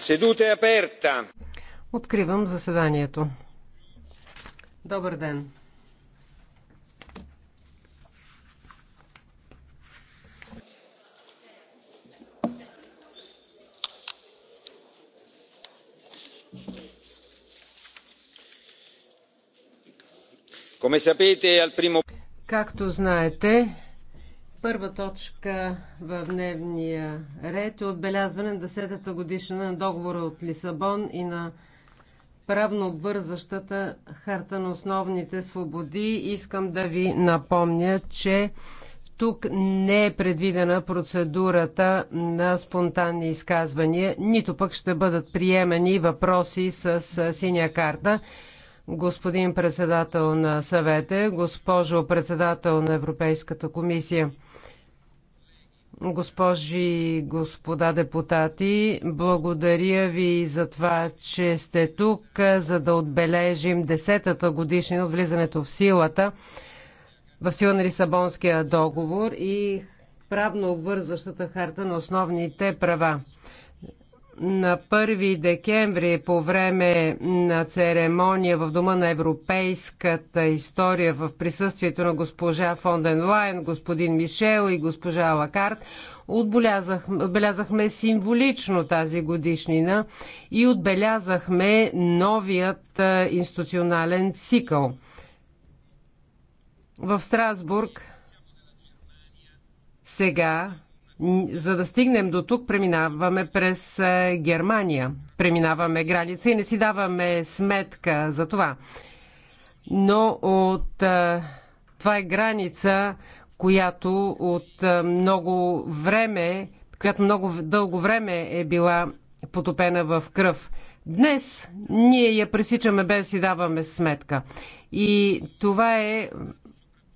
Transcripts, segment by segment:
Седута е аперта. Откривам заседанието. Добър ден. Както знаете, Първа точка в дневния ред е отбелязване на 10-та годишна на договора от Лисабон и на правно обвързващата харта на основните свободи. Искам да ви напомня, че тук не е предвидена процедурата на спонтанни изказвания, нито пък ще бъдат приемани въпроси с синя карта господин председател на съвете, госпожо председател на Европейската комисия, госпожи и господа депутати, благодаря ви за това, че сте тук, за да отбележим 10-та годишнина от влизането в силата в сила на Лисабонския договор и правно обвързващата харта на основните права на 1 декември по време на церемония в Дома на европейската история в присъствието на госпожа Фонден Лайн, господин Мишел и госпожа Лакарт отбелязахме символично тази годишнина и отбелязахме новият институционален цикъл. В Страсбург сега за да стигнем до тук, преминаваме през е, Германия. Преминаваме граница и не си даваме сметка за това. Но от, е, това е граница, която от е, много време, която много дълго време е била потопена в кръв. Днес ние я пресичаме без си даваме сметка. И това е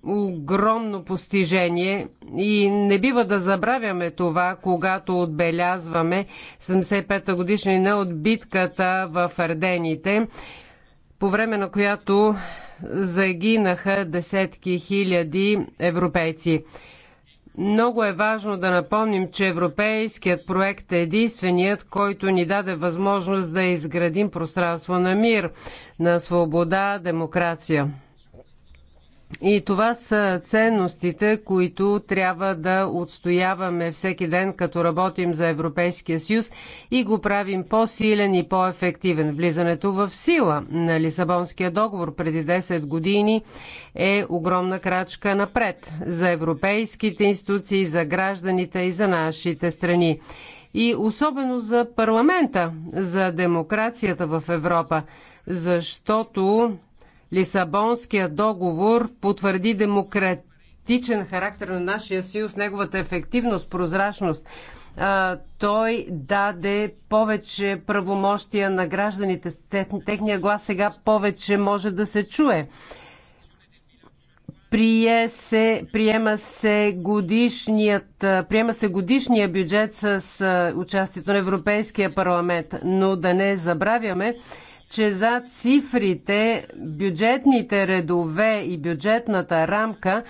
огромно постижение и не бива да забравяме това, когато отбелязваме 75-та годишнина от битката в Ардените, по време на която загинаха десетки хиляди европейци. Много е важно да напомним, че европейският проект е единственият, който ни даде възможност да изградим пространство на мир, на свобода, демокрация. И това са ценностите, които трябва да отстояваме всеки ден, като работим за Европейския съюз и го правим по-силен и по-ефективен. Влизането в сила на Лисабонския договор преди 10 години е огромна крачка напред за европейските институции, за гражданите и за нашите страни. И особено за парламента, за демокрацията в Европа, защото Лисабонският договор потвърди демократичен характер на нашия съюз, неговата ефективност, прозрачност той даде повече правомощия на гражданите. Техния глас сега повече може да се чуе. Прие се, приема, се годишният, приема се годишния бюджет с участието на Европейския парламент, но да не забравяме, че за цифрите, бюджетните редове и бюджетната рамка,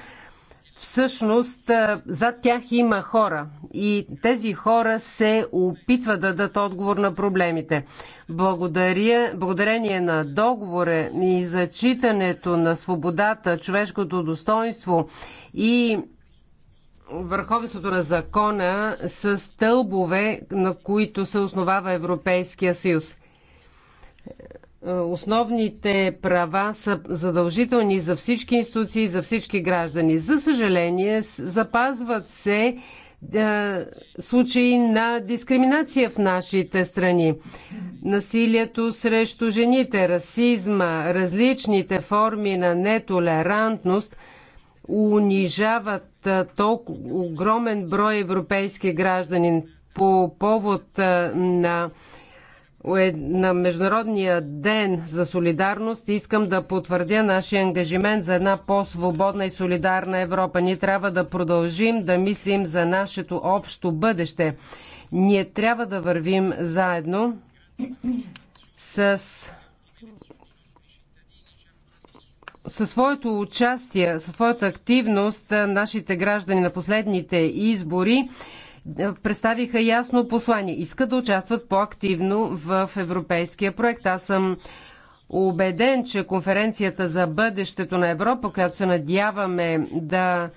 всъщност зад тях има хора и тези хора се опитват да дадат отговор на проблемите. Благодаря, благодарение на договора и зачитането на свободата, човешкото достоинство и върховенството на закона са стълбове, на които се основава Европейския съюз основните права са задължителни за всички институции, за всички граждани. За съжаление, запазват се е, случаи на дискриминация в нашите страни. Насилието срещу жените, расизма, различните форми на нетолерантност унижават е, толкова огромен брой европейски граждани по повод е, на на Международния ден за солидарност искам да потвърдя нашия ангажимент за една по-свободна и солидарна Европа. Ние трябва да продължим да мислим за нашето общо бъдеще. Ние трябва да вървим заедно с със своето участие, със своята активност нашите граждани на последните избори представиха ясно послание. Искат да участват по-активно в европейския проект. Аз съм убеден, че конференцията за бъдещето на Европа, която се надяваме да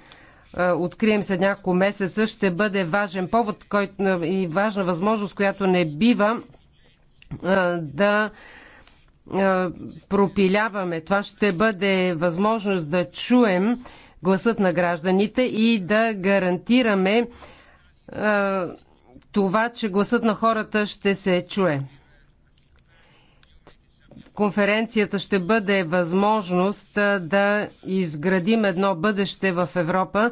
е, открием след няколко месеца, ще бъде важен повод който, и важна възможност, която не бива е, да е, пропиляваме. Това ще бъде възможност да чуем гласът на гражданите и да гарантираме това, че гласът на хората ще се чуе. Конференцията ще бъде възможност да изградим едно бъдеще в Европа,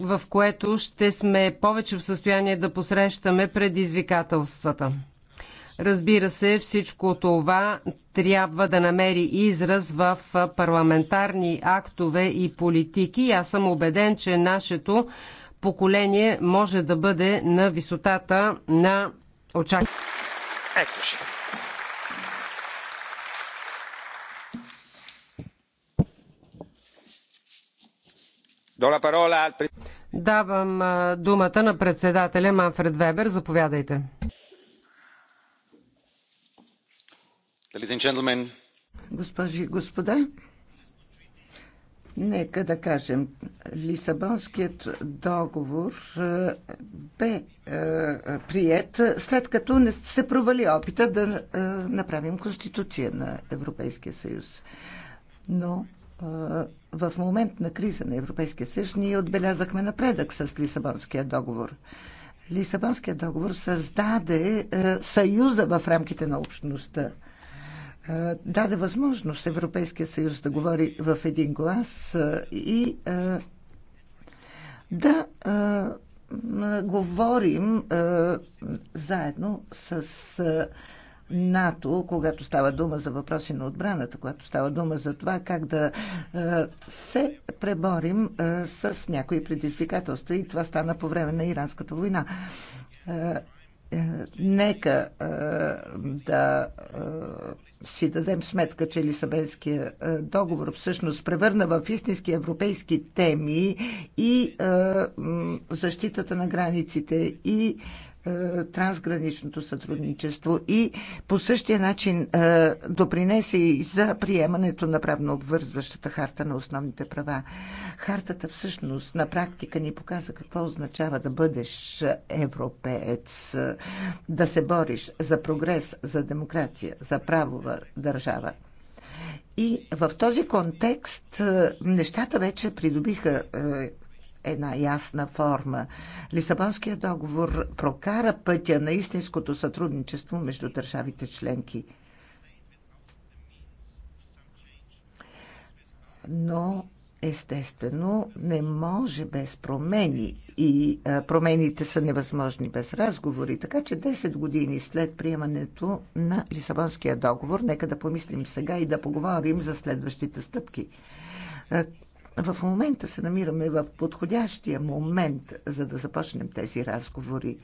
в което ще сме повече в състояние да посрещаме предизвикателствата. Разбира се, всичко това трябва да намери израз в парламентарни актове и политики. Аз съм убеден, че нашето поколение може да бъде на висотата на очакването. Давам думата на председателя Манфред Вебер. Заповядайте. Госпожи и господа, Нека да кажем, Лисабонският договор е, бе е, прият след като не се провали опита да е, направим Конституция на Европейския съюз. Но в момент на криза на Европейския съюз ние отбелязахме напредък с Лисабонския договор. Лисабонския договор създаде съюза в рамките на общността даде възможност Европейския съюз да говори в един глас и да говорим заедно с НАТО, когато става дума за въпроси на отбраната, когато става дума за това как да се преборим с някои предизвикателства и това стана по време на Иранската война. Е, нека да си дадем сметка, че Лисабенския е, договор всъщност превърна в истински европейски теми и е, защитата на границите и е, трансграничното сътрудничество и по същия начин е, допринесе и за приемането на правно обвързващата харта на основните права. Хартата всъщност на практика ни показа какво означава да бъдеш европеец, да се бориш за прогрес, за демокрация, за правова държава. И в този контекст е, нещата вече придобиха една ясна форма. Лисабонският договор прокара пътя на истинското сътрудничество между държавите членки. Но естествено не може без промени и а, промените са невъзможни без разговори. Така че 10 години след приемането на Лисабонския договор, нека да помислим сега и да поговорим за следващите стъпки. В момента се намираме в подходящия момент, за да започнем тези разговори.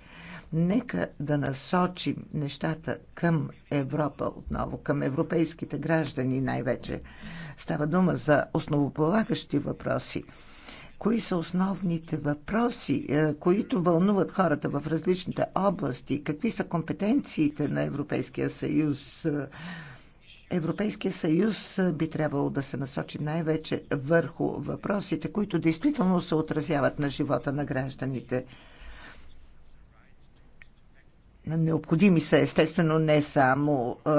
Нека да насочим нещата към Европа отново, към европейските граждани най-вече. Става дума за основополагащи въпроси кои са основните въпроси, е, които вълнуват хората в различните области, какви са компетенциите на Европейския съюз, Европейския съюз би трябвало да се насочи най-вече върху въпросите, които действително се отразяват на живота на гражданите. Необходими са, естествено, не само е,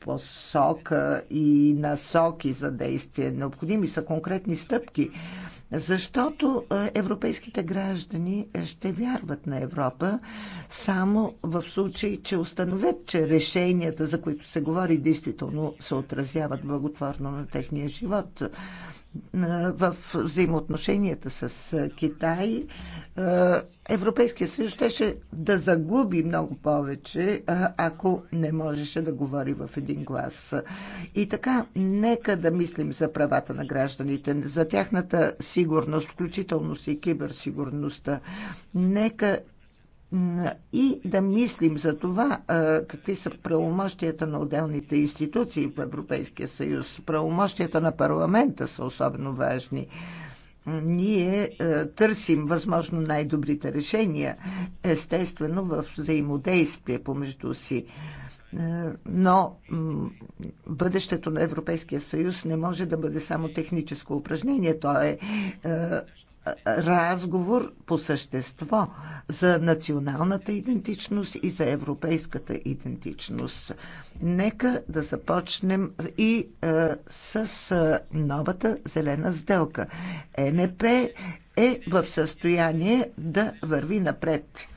посока и насоки за действие. Необходими са конкретни стъпки защото е, европейските граждани е, ще вярват на Европа само в случай, че установят, че решенията, за които се говори, действително се отразяват благотворно на техния живот. Е, в взаимоотношенията с Китай Европейския съюз щеше да загуби много повече, ако не можеше да говори в един глас. И така, нека да мислим за правата на гражданите, за тяхната си сигурност, включително и киберсигурността. Нека и да мислим за това какви са правомощията на отделните институции в Европейския съюз. Правомощията на парламента са особено важни. Ние търсим възможно най-добрите решения, естествено в взаимодействие помежду си. Е, но бъдещето на Европейския съюз не може да бъде само техническо упражнение. То е, е разговор по същество за националната идентичност и за европейската идентичност. Нека да започнем и а, е, с а, новата зелена сделка. НП е в състояние да върви напред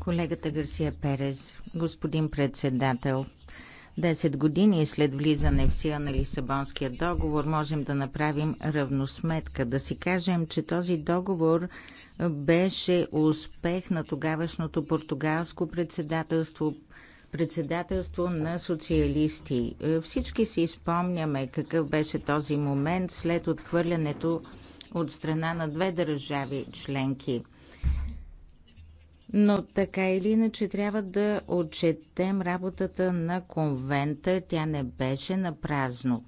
Колегата Гарсия Перес, господин председател, 10 години след влизане в сила на Лисабонския договор можем да направим равносметка, да си кажем, че този договор беше успех на тогавашното португалско председателство, председателство на социалисти. Всички си спомняме какъв беше този момент след отхвърлянето от страна на две държави членки. Но така или иначе трябва да отчетем работата на конвента. Тя не беше на празно.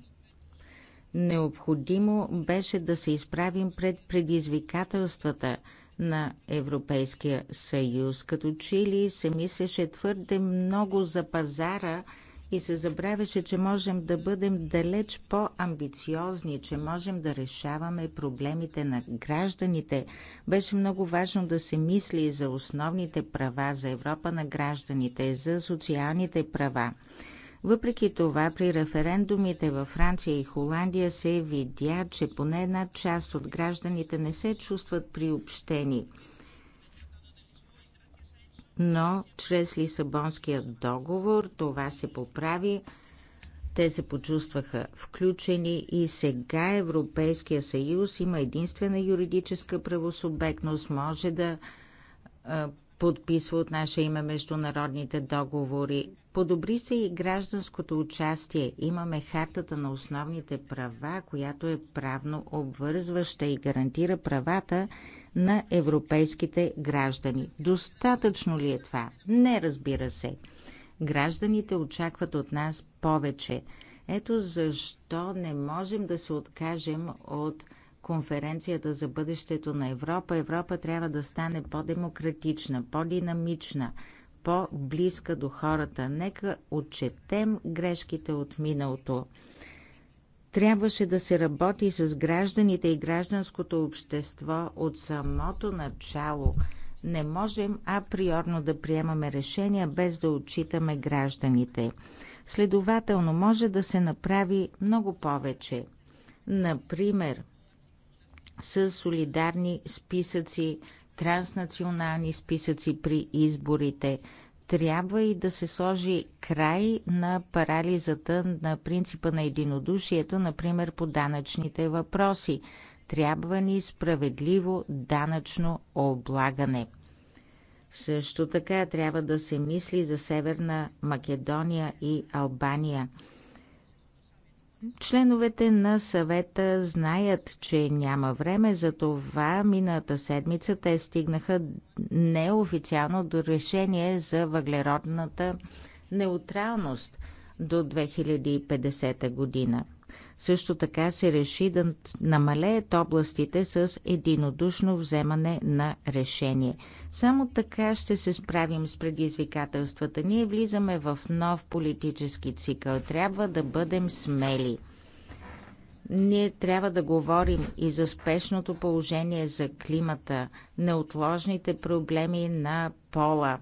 Необходимо беше да се изправим пред предизвикателствата на Европейския съюз. Като че ли се мислеше твърде много за пазара – и се забравяше, че можем да бъдем далеч по-амбициозни, че можем да решаваме проблемите на гражданите. Беше много важно да се мисли и за основните права, за Европа на гражданите, за социалните права. Въпреки това, при референдумите във Франция и Холандия се видя, че поне една част от гражданите не се чувстват приобщени – но чрез Лисабонския договор това се поправи. Те се почувстваха включени и сега Европейския съюз има единствена юридическа правосубектност, може да подписва от наше име международните договори. Подобри се и гражданското участие. Имаме хартата на основните права, която е правно обвързваща и гарантира правата на европейските граждани. Достатъчно ли е това? Не, разбира се. Гражданите очакват от нас повече. Ето защо не можем да се откажем от конференцията за бъдещето на Европа. Европа трябва да стане по-демократична, по-динамична, по-близка до хората. Нека отчетем грешките от миналото. Трябваше да се работи с гражданите и гражданското общество от самото начало. Не можем априорно да приемаме решения без да отчитаме гражданите. Следователно, може да се направи много повече. Например, с солидарни списъци, транснационални списъци при изборите, трябва и да се сложи край на парализата на принципа на единодушието, например по данъчните въпроси. Трябва ни справедливо данъчно облагане. Също така трябва да се мисли за Северна Македония и Албания – Членовете на съвета знаят, че няма време, за това миналата седмица те стигнаха неофициално до решение за въглеродната неутралност до 2050 година. Също така се реши да намалеят областите с единодушно вземане на решение. Само така ще се справим с предизвикателствата. Ние влизаме в нов политически цикъл. Трябва да бъдем смели. Ние трябва да говорим и за спешното положение за климата, неотложните проблеми на пола,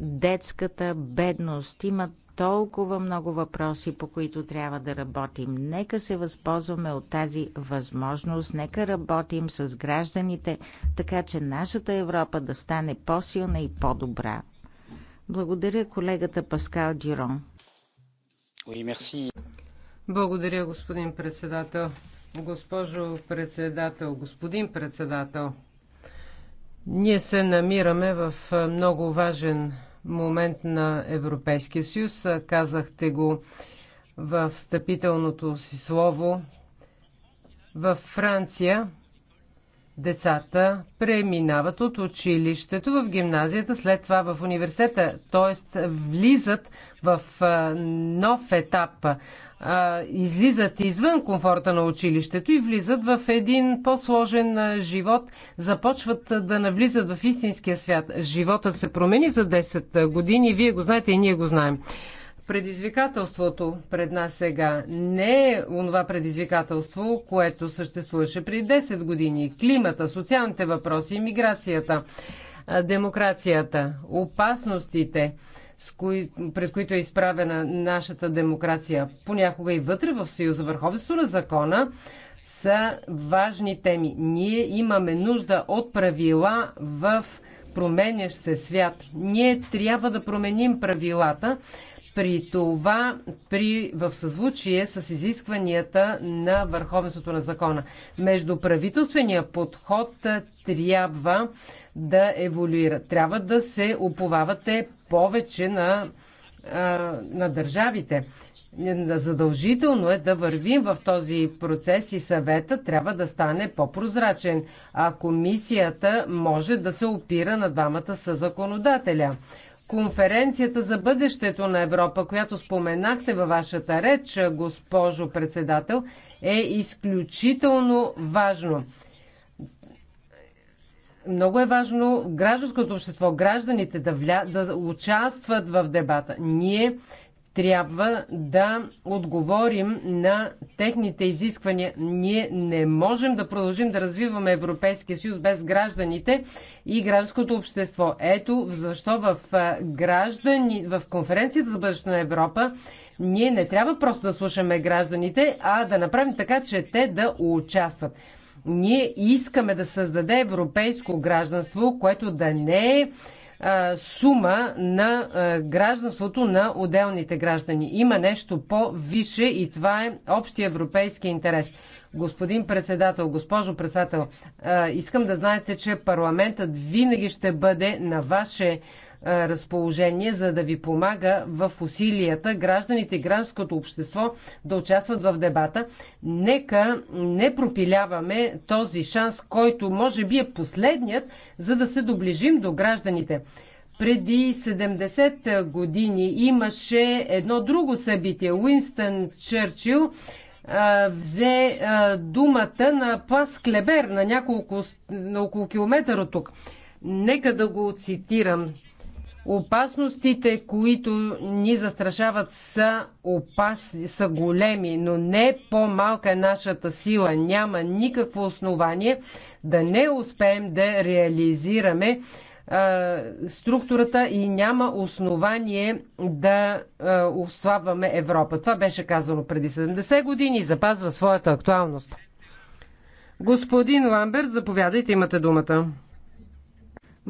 детската бедност. Има толкова много въпроси, по които трябва да работим. Нека се възползваме от тази възможност, нека работим с гражданите, така че нашата Европа да стане по-силна и по-добра. Благодаря колегата Паскал Дюрон. Благодаря, господин председател. Госпожо председател, господин председател, ние се намираме в много важен момент на Европейския съюз. Казахте го в встъпителното си слово. Във Франция Децата преминават от училището в гимназията, след това в университета, т.е. влизат в нов етап, излизат извън комфорта на училището и влизат в един по-сложен живот, започват да навлизат в истинския свят. Животът се промени за 10 години, вие го знаете и ние го знаем. Предизвикателството пред нас сега не е онова предизвикателство, което съществуваше при 10 години. Климата, социалните въпроси, иммиграцията, демокрацията, опасностите, с кои, пред които е изправена нашата демокрация, понякога и вътре в Съюза, върховенство на закона, са важни теми. Ние имаме нужда от правила в променящ се свят. Ние трябва да променим правилата при това при, в съзвучие с изискванията на върховенството на закона. Между правителствения подход трябва да еволюира. Трябва да се уповавате повече на, на държавите. Задължително е да вървим в този процес и съвета трябва да стане по-прозрачен, а комисията може да се опира на двамата съзаконодателя. законодателя конференцията за бъдещето на Европа, която споменахте във вашата реч, госпожо председател, е изключително важно. Много е важно гражданското общество, гражданите да, вля... да участват в дебата. Ние трябва да отговорим на техните изисквания. Ние не можем да продължим да развиваме Европейския съюз без гражданите и гражданското общество. Ето защо в, граждани, в конференцията за бъдещето на Европа ние не трябва просто да слушаме гражданите, а да направим така, че те да участват. Ние искаме да създаде европейско гражданство, което да не е сума на гражданството на отделните граждани. Има нещо по-више и това е общия европейски интерес. Господин председател, госпожо председател, искам да знаете, че парламентът винаги ще бъде на ваше е, разположение, за да ви помага в усилията гражданите и гражданското общество да участват в дебата. Нека не пропиляваме този шанс, който може би е последният, за да се доближим до гражданите. Преди 70 години имаше едно друго събитие. Уинстън Чърчил е, взе е, думата на Плас Клебер на няколко на около километър от тук. Нека да го цитирам. Опасностите, които ни застрашават, са, опас... са големи, но не по-малка е нашата сила. Няма никакво основание да не успеем да реализираме а, структурата и няма основание да а, ослабваме Европа. Това беше казано преди 70 години и запазва своята актуалност. Господин Ламбер, заповядайте, имате думата.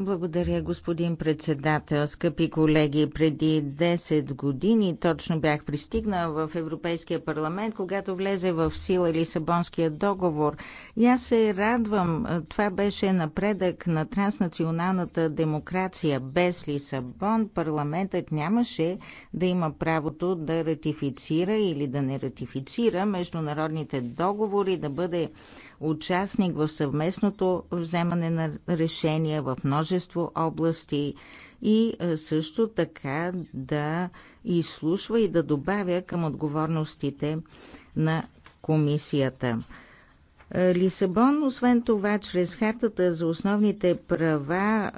Благодаря, господин председател. Скъпи колеги, преди 10 години точно бях пристигнал в Европейския парламент, когато влезе в сила Лисабонския договор. И аз се радвам. Това беше напредък на транснационалната демокрация. Без Лисабон парламентът нямаше да има правото да ратифицира или да не ратифицира международните договори, да бъде участник в съвместното вземане на решения в множество области и е, също така да изслушва и да добавя към отговорностите на комисията. Лисабон, освен това, чрез хартата за основните права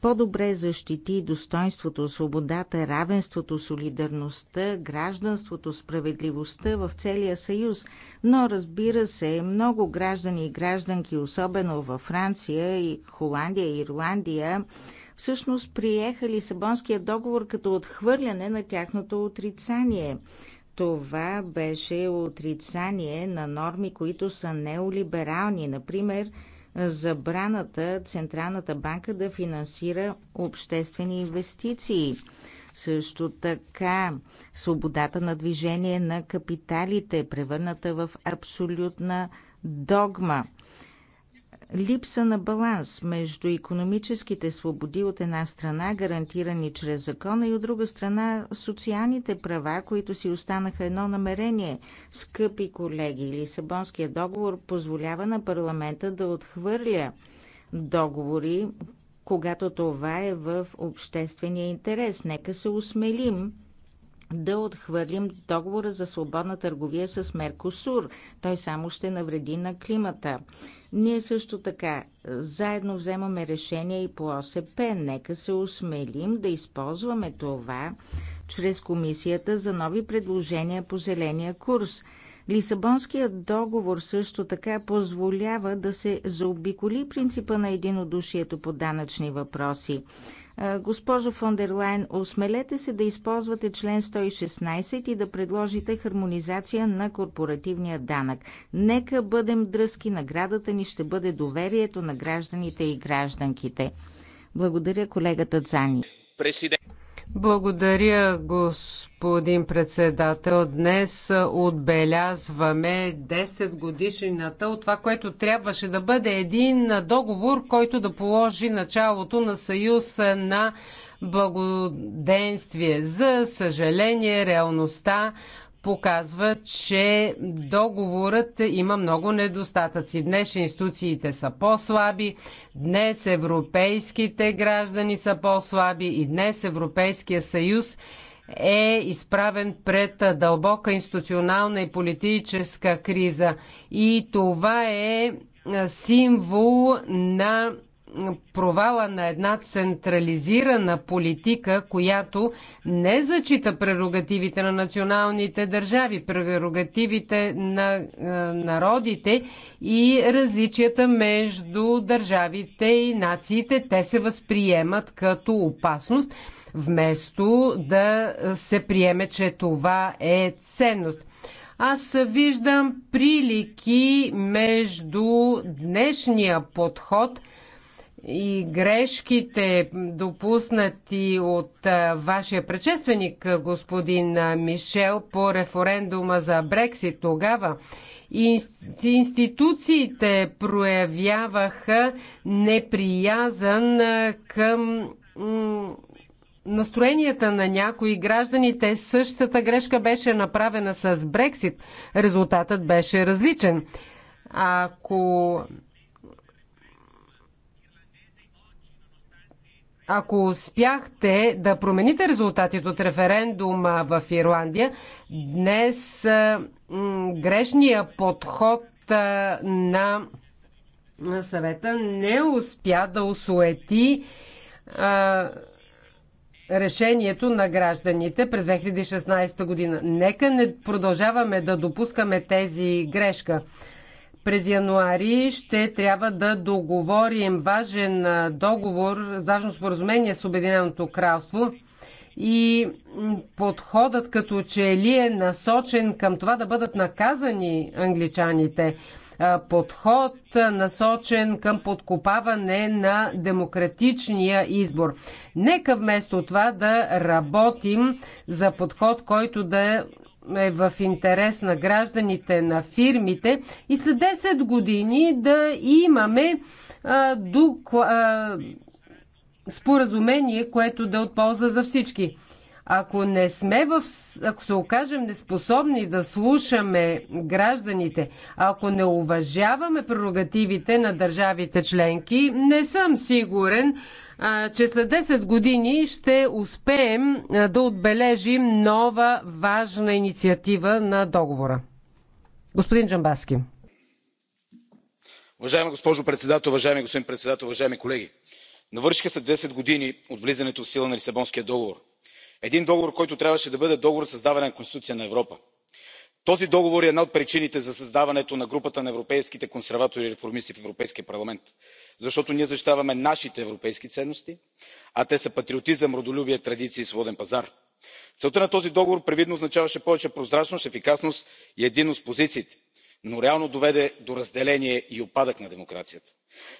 по-добре защити достоинството, свободата, равенството, солидарността, гражданството, справедливостта в целия съюз. Но разбира се, много граждани и гражданки, особено във Франция и Холандия и Ирландия, всъщност приеха Лисабонския договор като отхвърляне на тяхното отрицание – това беше отрицание на норми, които са неолиберални. Например, забраната Централната банка да финансира обществени инвестиции. Също така, свободата на движение на капиталите, превърната в абсолютна догма – липса на баланс между економическите свободи от една страна, гарантирани чрез закона, и от друга страна социалните права, които си останаха едно намерение. Скъпи колеги, Лисабонския договор позволява на парламента да отхвърля договори, когато това е в обществения интерес. Нека се усмелим да отхвърлим договора за свободна търговия с Меркосур. Той само ще навреди на климата. Ние също така заедно вземаме решение и по ОСП. Нека се осмелим да използваме това чрез комисията за нови предложения по зеления курс. Лисабонският договор също така позволява да се заобиколи принципа на единодушието по данъчни въпроси. Госпожо фон дер Лайн, осмелете се да използвате член 116 и да предложите хармонизация на корпоративния данък. Нека бъдем дръзки, наградата ни ще бъде доверието на гражданите и гражданките. Благодаря колегата Цани. Президент. Благодаря, господин председател. Днес отбелязваме 10 годишнината от това, което трябваше да бъде един договор, който да положи началото на съюз на благоденствие. За съжаление, реалността показва, че договорът има много недостатъци. Днес институциите са по-слаби, днес европейските граждани са по-слаби и днес Европейския съюз е изправен пред дълбока институционална и политическа криза. И това е символ на провала на една централизирана политика, която не зачита прерогативите на националните държави, прерогативите на е, народите и различията между държавите и нациите. Те се възприемат като опасност, вместо да се приеме, че това е ценност. Аз виждам прилики между днешния подход – и грешките, допуснати от вашия предшественик, господин Мишел, по референдума за Брексит тогава, институциите проявяваха неприязан към настроенията на някои гражданите. Същата грешка беше направена с Брексит. Резултатът беше различен. Ако Ако успяхте да промените резултатите от референдума в Ирландия, днес грешния подход на съвета не успя да осуети решението на гражданите през 2016 година. Нека не продължаваме да допускаме тези грешка. През януари ще трябва да договорим важен договор, важно споразумение с Обединеното кралство и подходът като че ли е насочен към това да бъдат наказани англичаните. Подход насочен към подкопаване на демократичния избор. Нека вместо това да работим за подход, който да е е в интерес на гражданите, на фирмите и след 10 години да имаме а, докла, а, споразумение, което да е от полза за всички. Ако не сме в, ако се окажем неспособни да слушаме гражданите, ако не уважаваме прерогативите на държавите членки, не съм сигурен, че след 10 години ще успеем да отбележим нова важна инициатива на договора. Господин Джамбаски. Уважаема госпожо председател, уважаеми господин председател, уважаеми колеги! Навършиха се 10 години от влизането в сила на Лисабонския договор. Един договор, който трябваше да бъде договор за създаване на Конституция на Европа. Този договор е една от причините за създаването на групата на европейските консерватори и реформисти в Европейския парламент защото ние защитаваме нашите европейски ценности а те са патриотизъм родолюбие традиции и свободен пазар. целта на този договор привидно означаваше повече прозрачност ефикасност и единност в позициите но реално доведе до разделение и упадък на демокрацията.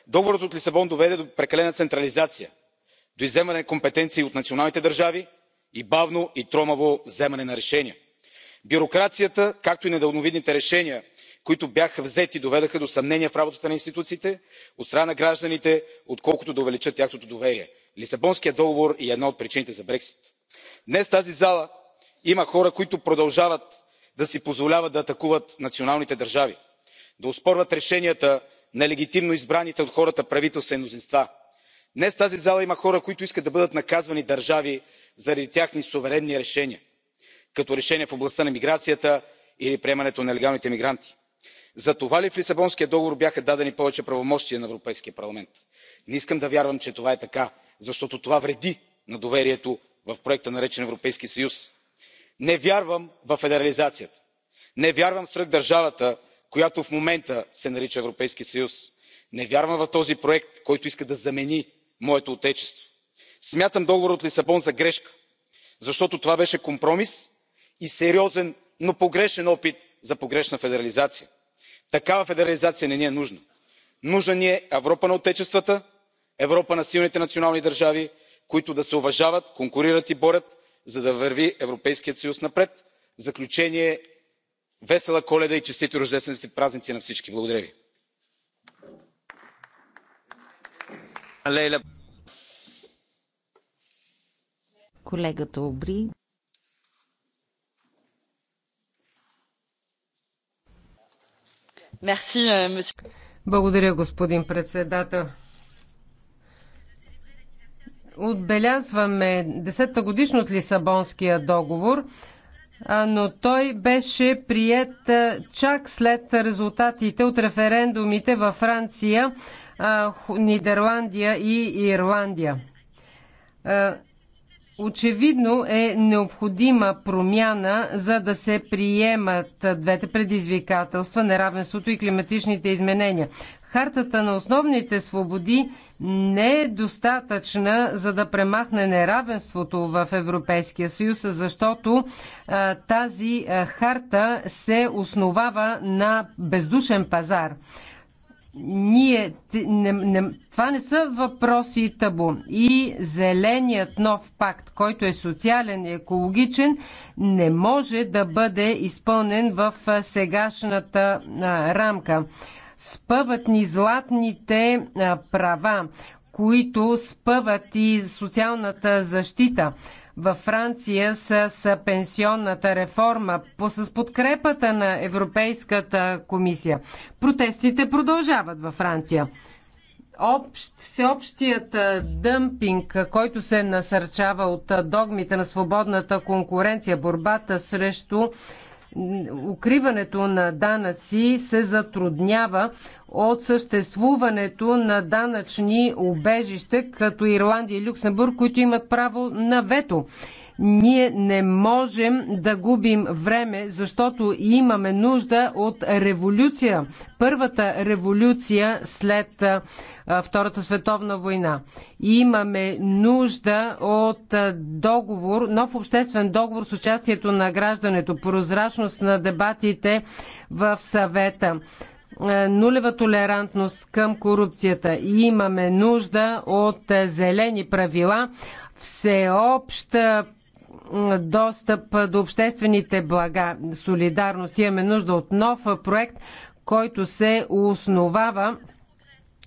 договорът от лисабон доведе до прекалена централизация до изземване на компетенции от националните държави и бавно и тромаво вземане на решения. бюрокрацията както и недалновидните решения които бяха взети доведоха до съмнения в работата на институциите от страна на гражданите отколкото да увеличат тяхното доверие. лисабонският договор е една от причините за брекзит. днес в тази зала има хора които продължават да си позволяват да атакуват националните държави да оспорват решенията на легитимно избраните от хората правителства и мнозинства. днес в тази зала има хора които искат да бъдат наказвани държави заради техни суверенни решения като решения в областта на миграцията или приемането на нелегалните мигранти затова ли в лисабонския договор бяха дадени повече правомощия на европейския парламент? не искам да вярвам че това е така защото това вреди на доверието в проекта наречен европейски съюз. не вярвам във федерализацията. не вярвам в свръхдържавата която в момента се нарича европейски съюз. не вярвам в този проект който иска да замени моето отечество. смятам договора от лисабон за грешка защото това беше компромис и сериозен но погрешен опит за погрешна федерализация такава федерализация не ни е нужна. нужна ни е европа на отечествата европа на силните национални държави които да се уважават конкурират и борят за да върви европейският съюз напред. в заключение весела коледа и честити рождественски празници на всички! благодаря ви. Euh, Благодаря, господин председател. Отбелязваме 10-та годишно от Лисабонския договор, но той беше прият чак след резултатите от референдумите във Франция, Нидерландия и Ирландия. Очевидно е необходима промяна, за да се приемат двете предизвикателства неравенството и климатичните изменения. Хартата на основните свободи не е достатъчна за да премахне неравенството в Европейския съюз, защото а, тази а, харта се основава на бездушен пазар ние, не, не, това не са въпроси и табу. И зеленият нов пакт, който е социален и екологичен, не може да бъде изпълнен в сегашната а, рамка. Спъват ни златните а, права, които спъват и социалната защита във Франция с пенсионната реформа, с подкрепата на Европейската комисия. Протестите продължават във Франция. Общ, всеобщият дъмпинг, който се насърчава от догмите на свободната конкуренция, борбата срещу укриването на данъци се затруднява от съществуването на данъчни убежища, като Ирландия и Люксембург, които имат право на вето. Ние не можем да губим време, защото имаме нужда от революция. Първата революция след Втората световна война. имаме нужда от договор, нов обществен договор с участието на граждането, прозрачност на дебатите в съвета нулева толерантност към корупцията имаме нужда от зелени правила, всеобща достъп до обществените блага. Солидарност имаме нужда от нов проект, който се основава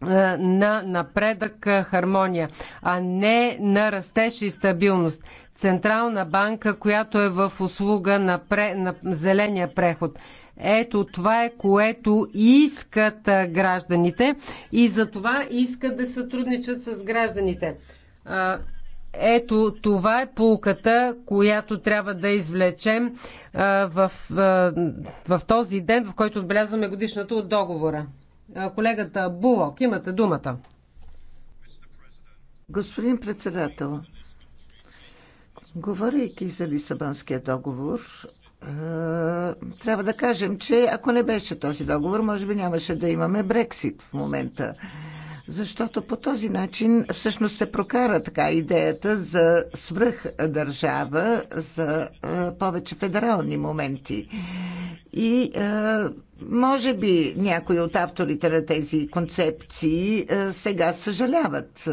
е, на напредък, е, хармония, а не на растеж и стабилност. Централна банка, която е в услуга на, пре, на зеления преход. Ето това е което искат е, гражданите и за това искат да сътрудничат с гражданите. Ето това е полуката, която трябва да извлечем в, а, в този ден, в който отбелязваме годишната от договора. Колегата Булок, имате думата. Господин председател, говорейки за Лисабонския договор, трябва да кажем, че ако не беше този договор, може би нямаше да имаме Брексит в момента защото по този начин всъщност се прокара така идеята за свръхдържава, за е, повече федерални моменти. И е, може би някои от авторите на тези концепции е, сега съжаляват.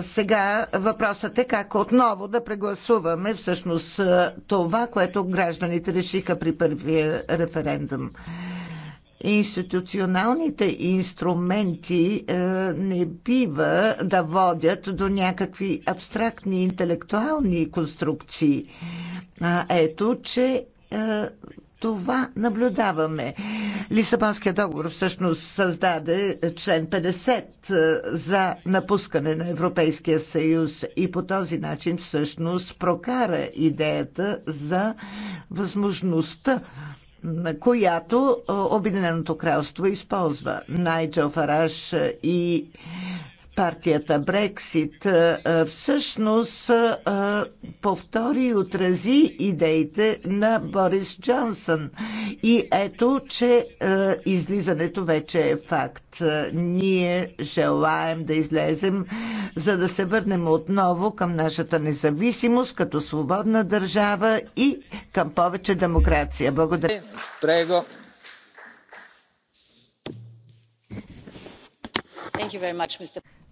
Сега въпросът е как отново да прегласуваме всъщност това, което гражданите решиха при първия референдум институционалните инструменти е, не бива да водят до някакви абстрактни интелектуални конструкции. Ето, че е, това наблюдаваме. Лисабонският договор всъщност създаде член 50 е, за напускане на Европейския съюз и по този начин всъщност прокара идеята за възможността която Обединеното кралство използва. Найджел Фараш и партията Брексит всъщност повтори и отрази идеите на Борис Джонсън. И ето, че излизането вече е факт. Ние желаем да излезем, за да се върнем отново към нашата независимост като свободна държава и към повече демокрация. Благодаря. Прего.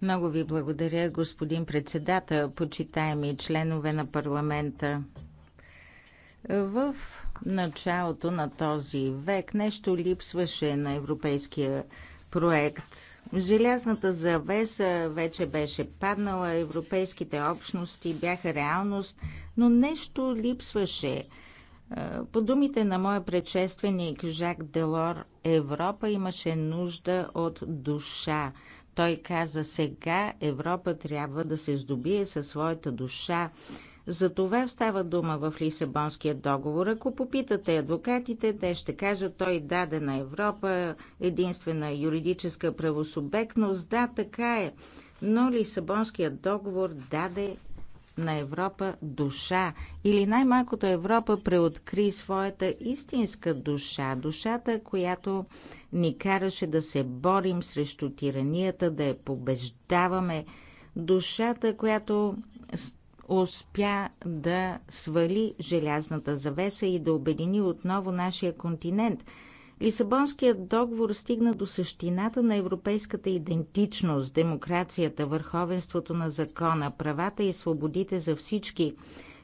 Много ви благодаря, господин председател, почитаеми членове на парламента. В началото на този век нещо липсваше на европейския проект. Желязната завеса вече беше паднала, европейските общности бяха реалност, но нещо липсваше. По думите на моя предшественик Жак Делор, Европа имаше нужда от душа. Той каза, сега Европа трябва да се здобие със своята душа. За това става дума в Лисабонския договор. Ако попитате адвокатите, те ще кажат, той даде на Европа единствена юридическа правосубектност. Да, така е. Но Лисабонският договор даде на Европа душа или най-малкото Европа преоткри своята истинска душа, душата, която ни караше да се борим срещу тиранията, да я побеждаваме, душата, която успя да свали желязната завеса и да обедини отново нашия континент – Лисабонският договор стигна до същината на европейската идентичност, демокрацията, върховенството на закона, правата и свободите за всички.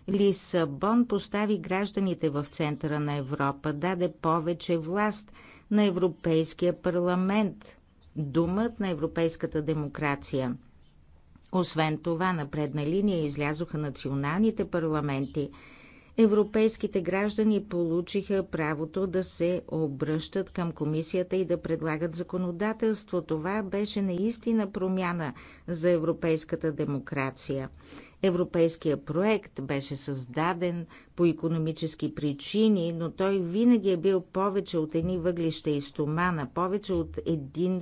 Лисабон постави гражданите в центъра на Европа, даде повече власт на Европейския парламент, думът на европейската демокрация. Освен това, на предна линия излязоха националните парламенти – Европейските граждани получиха правото да се обръщат към комисията и да предлагат законодателство. Това беше наистина промяна за европейската демокрация. Европейския проект беше създаден по економически причини, но той винаги е бил повече от едни въглища и стомана, повече от един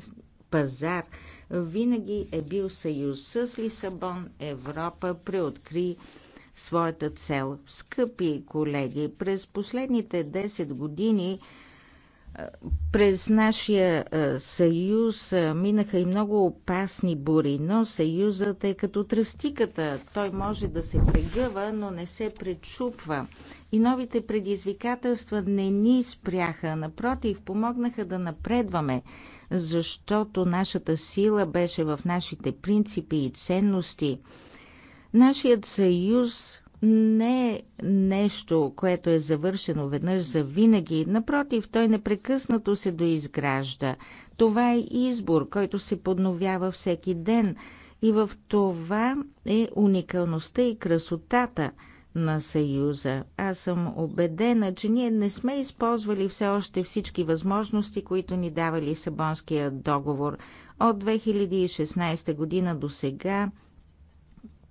пазар. Винаги е бил съюз. С Лисабон Европа преоткри своята цел. Скъпи колеги, през последните 10 години през нашия съюз минаха и много опасни бури, но съюзът е като тръстиката. Той може да се прегъва, но не се пречупва. И новите предизвикателства не ни спряха, напротив, помогнаха да напредваме, защото нашата сила беше в нашите принципи и ценности – Нашият съюз не е нещо, което е завършено веднъж за винаги. Напротив, той непрекъснато се доизгражда. Това е избор, който се подновява всеки ден. И в това е уникалността и красотата на Съюза. Аз съм убедена, че ние не сме използвали все още всички възможности, които ни дава Лисабонския договор. От 2016 година до сега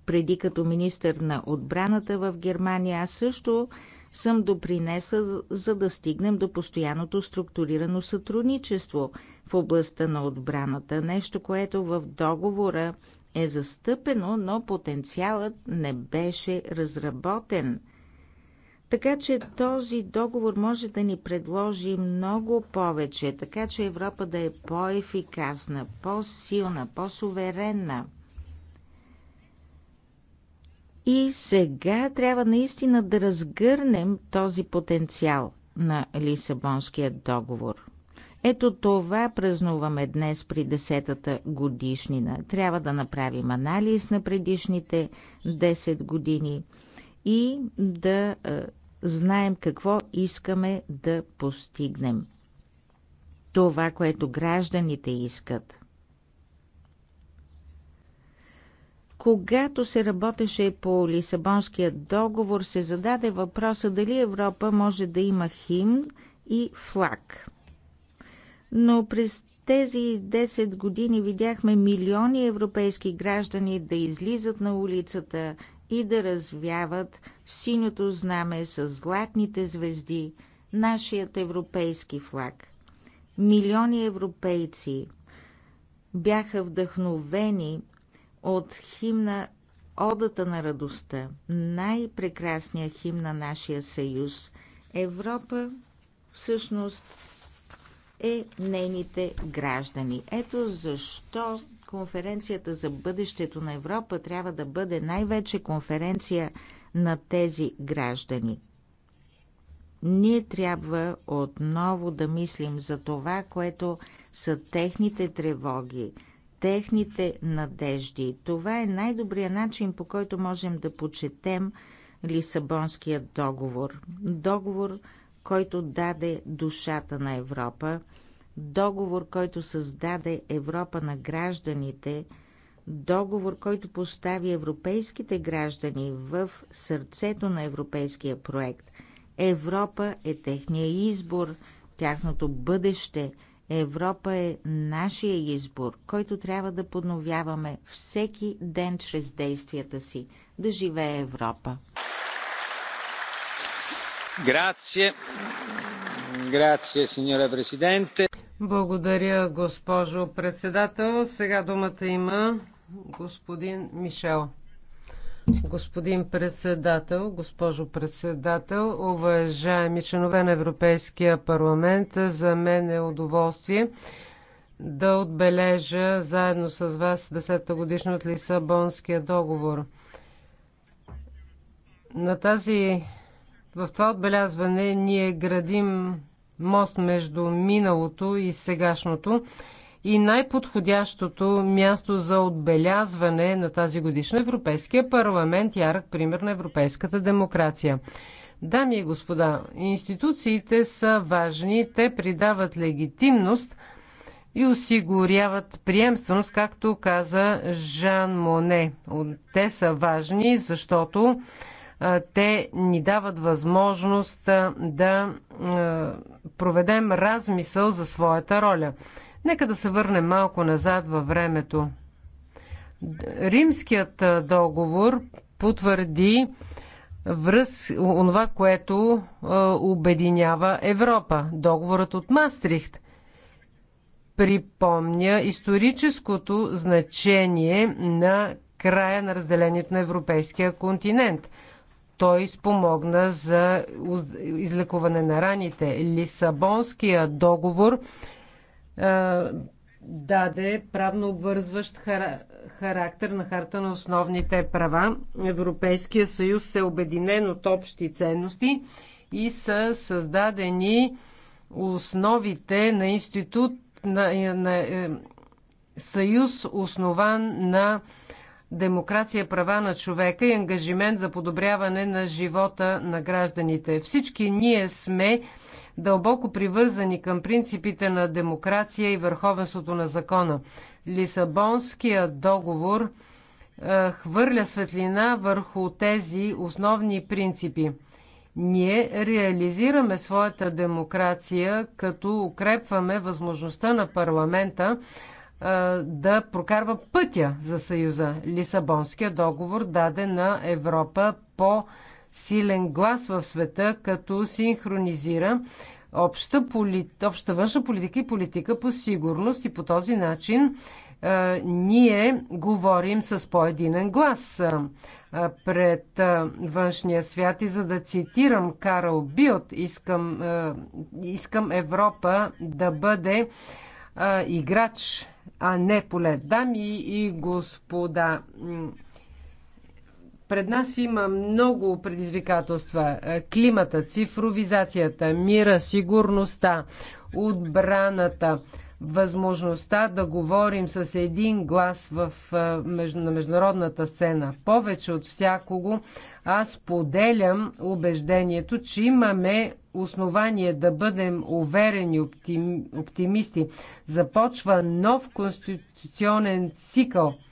преди като министър на отбраната в Германия, аз също съм допринесъл за да стигнем до постоянното структурирано сътрудничество в областта на отбраната. Нещо, което в договора е застъпено, но потенциалът не беше разработен. Така че този договор може да ни предложи много повече, така че Европа да е по-ефикасна, по-силна, по-суверенна. И сега трябва наистина да разгърнем този потенциал на Лисабонския договор. Ето това празнуваме днес при 10-та годишнина. Трябва да направим анализ на предишните 10 години и да е, знаем какво искаме да постигнем. Това, което гражданите искат. Когато се работеше по Лисабонския договор, се зададе въпроса дали Европа може да има химн и флаг. Но през тези 10 години видяхме милиони европейски граждани да излизат на улицата и да развяват синьото знаме с златните звезди, нашият европейски флаг. Милиони европейци бяха вдъхновени от химна Одата на радостта, най-прекрасният химн на нашия съюз. Европа всъщност е нейните граждани. Ето защо конференцията за бъдещето на Европа трябва да бъде най-вече конференция на тези граждани. Ние трябва отново да мислим за това, което са техните тревоги, техните надежди. Това е най-добрият начин, по който можем да почетем Лисабонския договор. Договор, който даде душата на Европа, договор, който създаде Европа на гражданите, договор, който постави европейските граждани в сърцето на европейския проект. Европа е техния избор, тяхното бъдеще – Европа е нашия избор, който трябва да подновяваме всеки ден чрез действията си. Да живее Европа! Грация! Грация, сеньора президенте! Благодаря, госпожо председател. Сега думата има господин Мишел. Господин председател, госпожо председател, уважаеми членове на Европейския парламент, за мен е удоволствие да отбележа заедно с вас 10-та годишна от Лисабонския договор. На тази, в това отбелязване ние градим мост между миналото и сегашното и най-подходящото място за отбелязване на тази годишна Европейския парламент, ярък пример на европейската демокрация. Дами и господа, институциите са важни, те придават легитимност и осигуряват приемственост, както каза Жан Моне. Те са важни, защото те ни дават възможност да проведем размисъл за своята роля. Нека да се върнем малко назад във времето. Римският договор потвърди връз, онова, което е, обединява Европа. Договорът от Мастрихт припомня историческото значение на края на разделението на европейския континент. Той спомогна за излекуване на раните. Лисабонския договор даде правно обвързващ характер на харта на основните права. Европейския съюз е обединен от общи ценности и са създадени основите на институт на, на е, съюз, основан на демокрация, права на човека и ангажимент за подобряване на живота на гражданите. Всички ние сме дълбоко привързани към принципите на демокрация и върховенството на закона. Лисабонския договор е, хвърля светлина върху тези основни принципи. Ние реализираме своята демокрация, като укрепваме възможността на парламента е, да прокарва пътя за Съюза. Лисабонския договор даде на Европа по силен глас в света, като синхронизира обща, полит... обща външна политика и политика по сигурност и по този начин а, ние говорим с по-единен глас а, пред а, външния свят и за да цитирам Карл Билт, искам, а, искам Европа да бъде а, играч, а не поле. Дами и господа, пред нас има много предизвикателства. Е, климата, цифровизацията, мира, сигурността, отбраната, възможността да говорим с един глас в, е, на международната сцена. Повече от всякого аз поделям убеждението, че имаме основание да бъдем уверени оптим, оптимисти. Започва нов конституционен цикъл –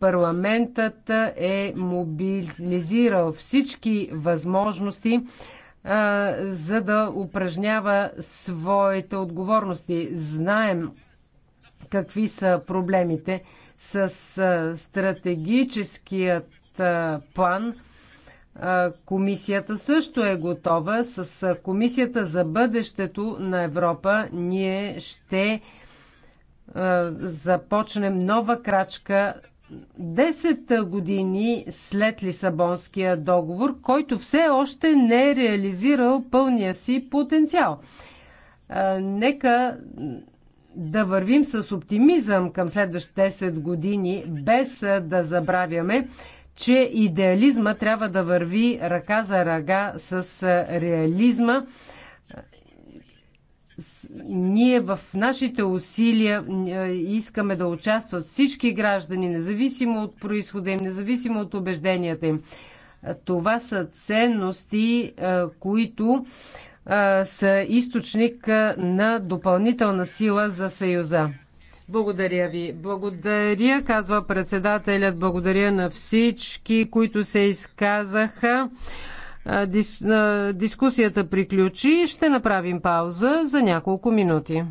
Парламентът е мобилизирал всички възможности а, за да упражнява своите отговорности. Знаем какви са проблемите с стратегическият план. Комисията също е готова. С Комисията за бъдещето на Европа ние ще започнем нова крачка 10 години след Лисабонския договор, който все още не е реализирал пълния си потенциал. Нека да вървим с оптимизъм към следващите 10 години, без да забравяме, че идеализма трябва да върви ръка за ръга с реализма ние в нашите усилия е, искаме да участват всички граждани, независимо от происхода им, независимо от убежденията им. Е, това са ценности, е, които са източник на допълнителна сила за Съюза. Благодаря ви. Благодаря, казва председателят. Благодаря на всички, които се изказаха. Дис, дискусията приключи. Ще направим пауза за няколко минути.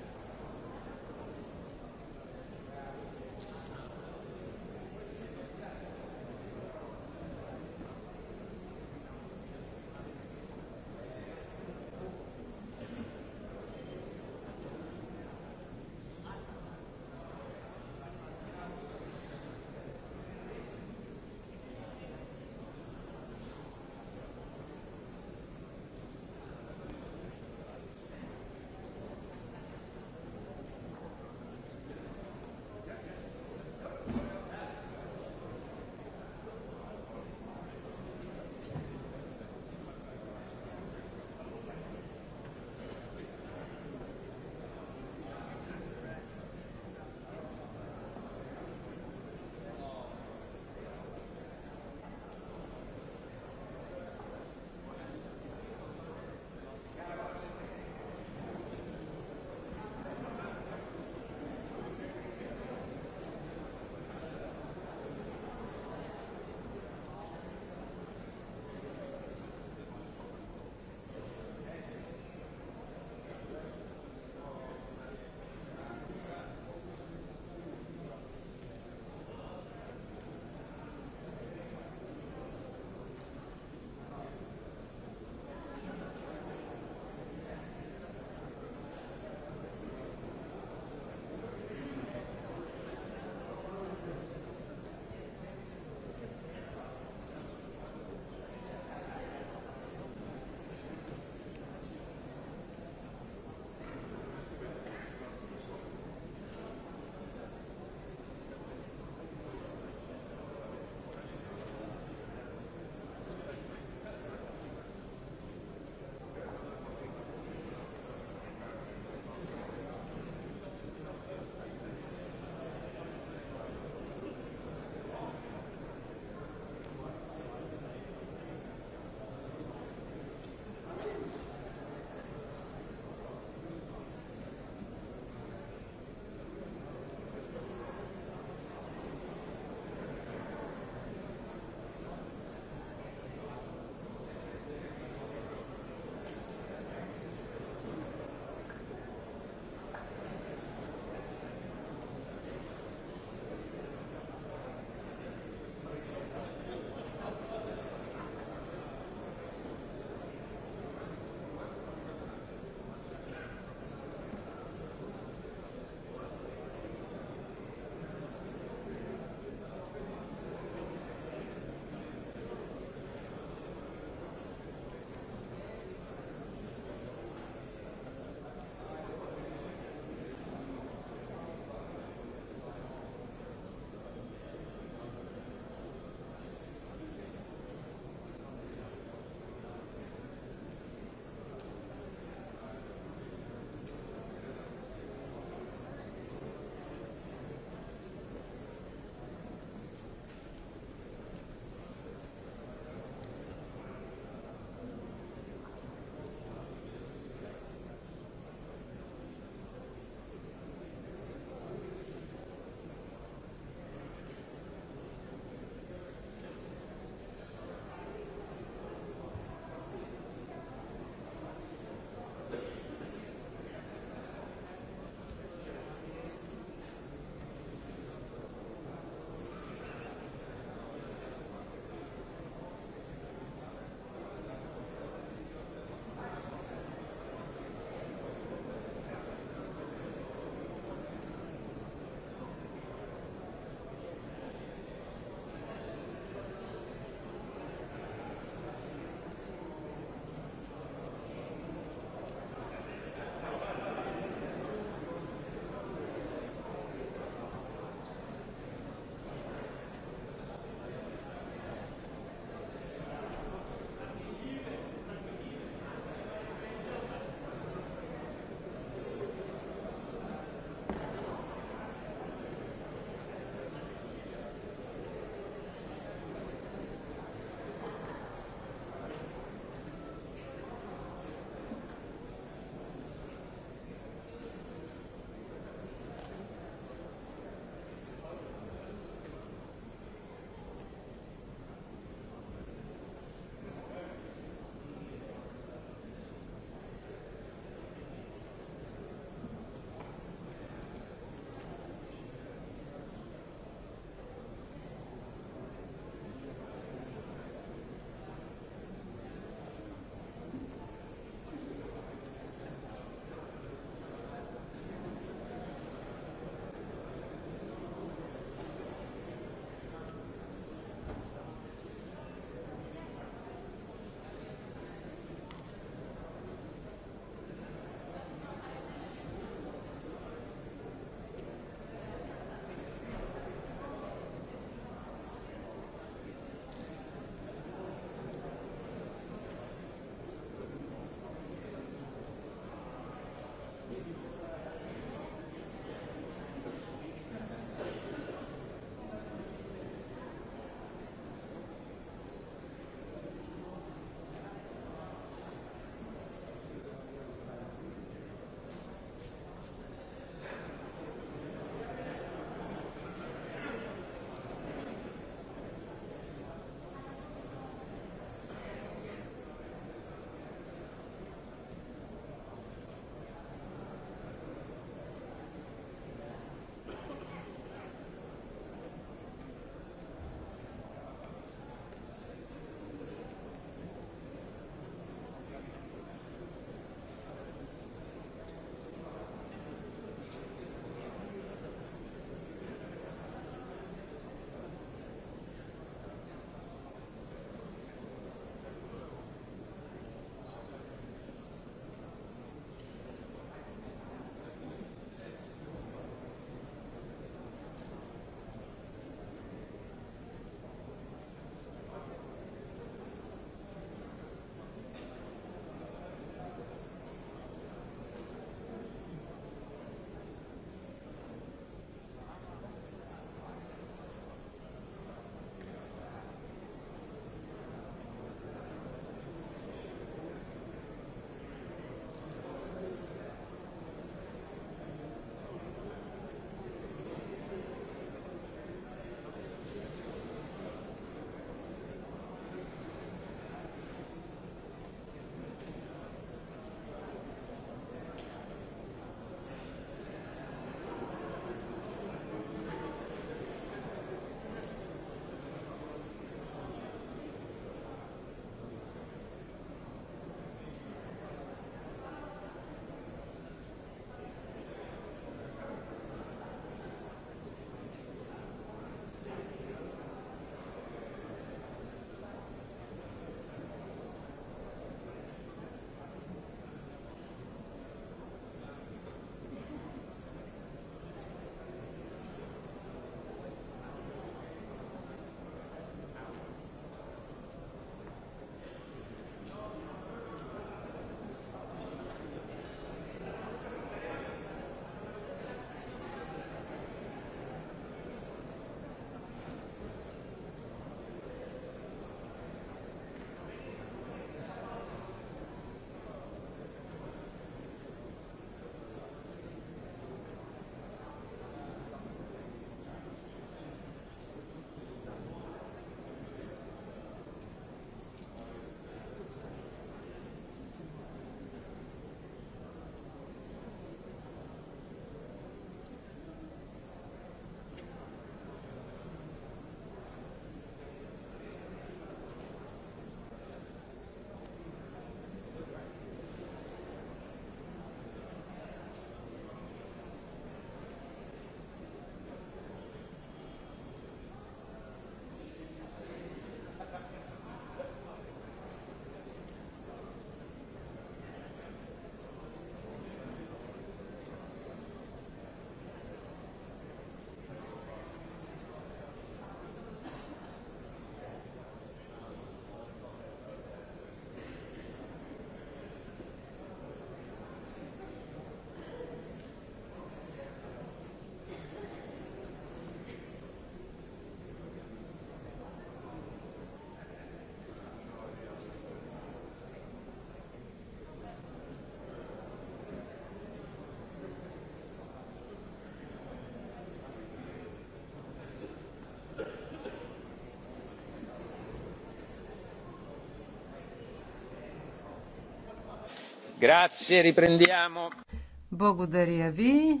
Благодаря ви.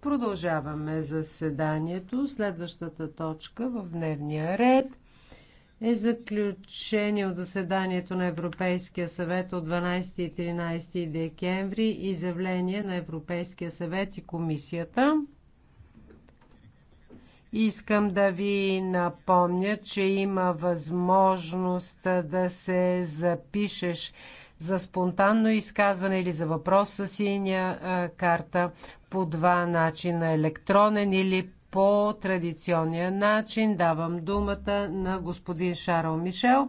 Продължаваме заседанието. Следващата точка в дневния ред е заключение от заседанието на Европейския съвет от 12 и 13 декември и заявление на Европейския съвет и комисията. Искам да ви напомня, че има възможност да се запишеш за спонтанно изказване или за въпрос с синя карта по два начина електронен или по традиционния начин. Давам думата на господин Шарл Мишел,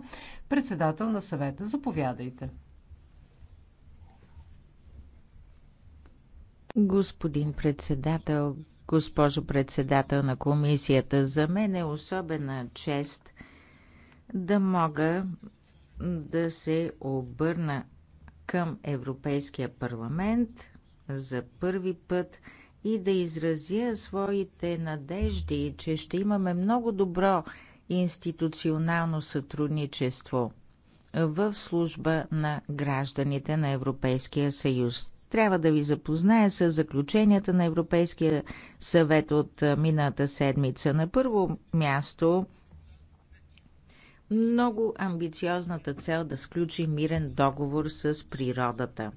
председател на съвета. Заповядайте. Господин председател, госпожо председател на комисията, за мен е особена чест да мога да се обърна към Европейския парламент за първи път и да изразя своите надежди, че ще имаме много добро институционално сътрудничество в служба на гражданите на Европейския съюз. Трябва да ви запозная с заключенията на Европейския съвет от мината седмица. На първо място много амбициозната цел да сключи мирен договор с природата.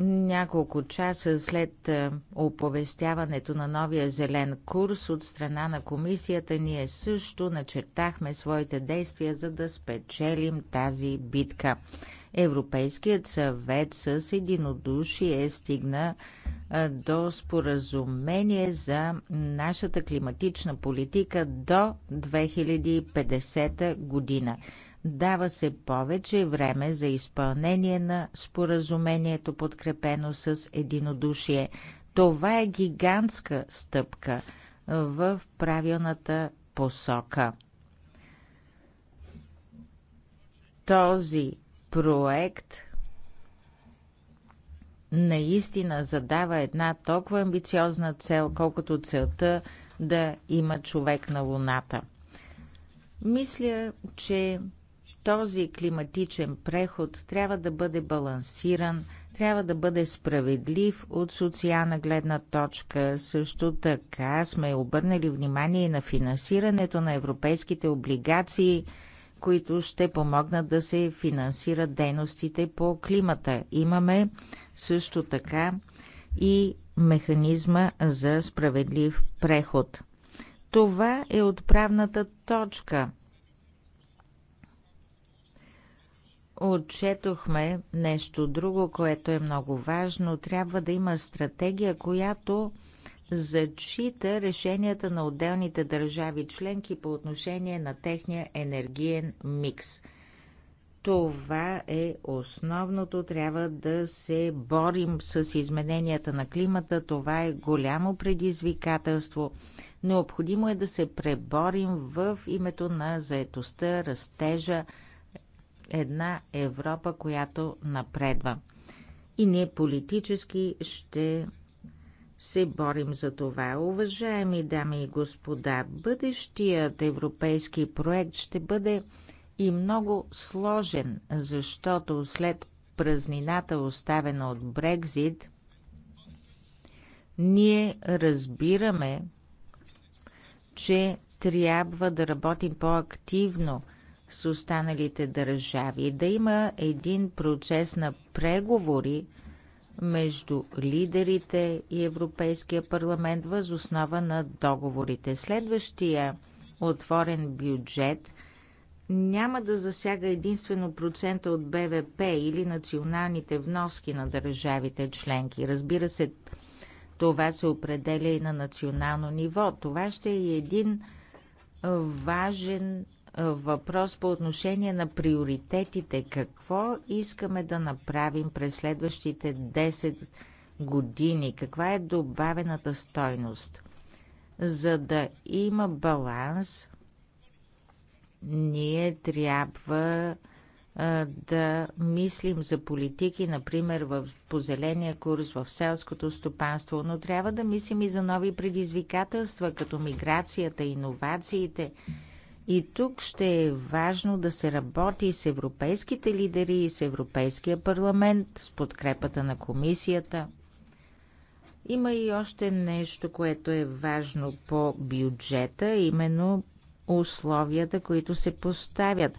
Няколко часа след е, оповестяването на новия зелен курс от страна на комисията, ние също начертахме своите действия, за да спечелим тази битка. Европейският съвет с единодушие стигна е, до споразумение за нашата климатична политика до 2050 година. Дава се повече време за изпълнение на споразумението, подкрепено с единодушие. Това е гигантска стъпка в правилната посока. Този проект наистина задава една толкова амбициозна цел, колкото целта да има човек на Луната. Мисля, че този климатичен преход трябва да бъде балансиран, трябва да бъде справедлив от социална гледна точка. Също така сме обърнали внимание на финансирането на европейските облигации, които ще помогнат да се финансират дейностите по климата. Имаме също така и механизма за справедлив преход. Това е отправната точка. Отчетохме нещо друго, което е много важно. Трябва да има стратегия, която зачита решенията на отделните държави членки по отношение на техния енергиен микс. Това е основното. Трябва да се борим с измененията на климата. Това е голямо предизвикателство. Необходимо е да се преборим в името на заетостта, растежа, една Европа, която напредва. И ние политически ще се борим за това. Уважаеми дами и господа, бъдещият европейски проект ще бъде и много сложен, защото след празнината, оставена от Брекзит, ние разбираме, че трябва да работим по-активно – с останалите държави, да има един процес на преговори между лидерите и Европейския парламент въз основа на договорите. Следващия отворен бюджет няма да засяга единствено процента от БВП или националните вноски на държавите членки. Разбира се, това се определя и на национално ниво. Това ще е един важен въпрос по отношение на приоритетите. Какво искаме да направим през следващите 10 години? Каква е добавената стойност? За да има баланс, ние трябва да мислим за политики, например в позеления курс, в селското стопанство, но трябва да мислим и за нови предизвикателства, като миграцията, иновациите. И тук ще е важно да се работи с европейските лидери и с Европейския парламент, с подкрепата на комисията. Има и още нещо, което е важно по бюджета, именно условията, които се поставят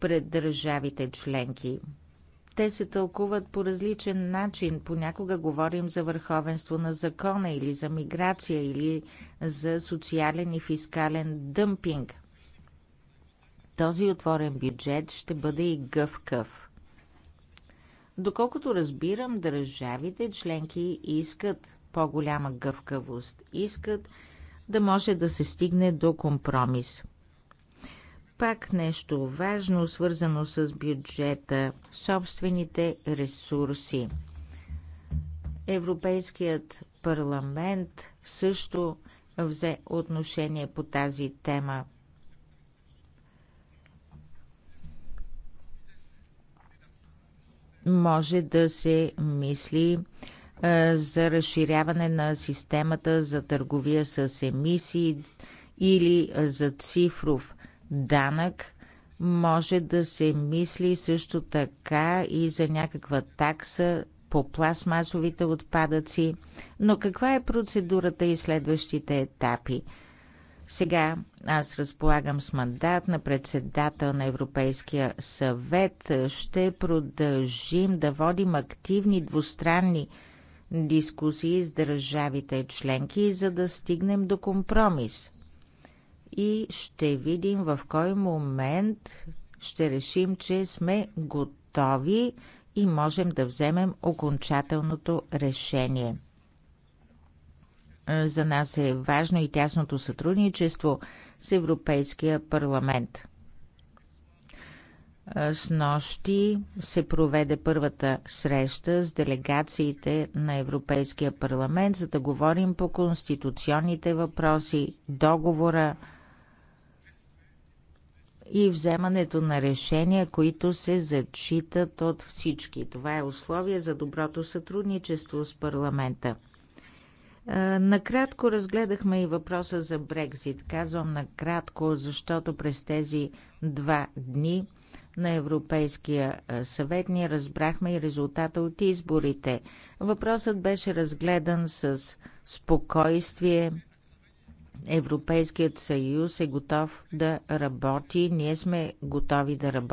пред държавите членки. Те се тълкуват по различен начин. Понякога говорим за върховенство на закона или за миграция или за социален и фискален дъмпинг. Този отворен бюджет ще бъде и гъвкав. Доколкото разбирам, държавите членки искат по-голяма гъвкавост. Искат да може да се стигне до компромис. Пак нещо важно, свързано с бюджета, собствените ресурси. Европейският парламент също взе отношение по тази тема. Може да се мисли за разширяване на системата за търговия с емисии или за цифров данък, може да се мисли също така и за някаква такса по пластмасовите отпадъци. Но каква е процедурата и следващите етапи? Сега аз разполагам с мандат на председател на Европейския съвет. Ще продължим да водим активни двустранни дискусии с държавите членки, за да стигнем до компромис и ще видим в кой момент ще решим, че сме готови и можем да вземем окончателното решение. За нас е важно и тясното сътрудничество с Европейския парламент. С нощи се проведе първата среща с делегациите на Европейския парламент, за да говорим по конституционните въпроси, договора – и вземането на решения, които се зачитат от всички. Това е условие за доброто сътрудничество с парламента. Е, накратко разгледахме и въпроса за Брекзит. Казвам накратко, защото през тези два дни на Европейския е, съвет ние разбрахме и резултата от изборите. Въпросът беше разгледан с спокойствие, Европейският съюз е готов да работи, ние сме готови да работим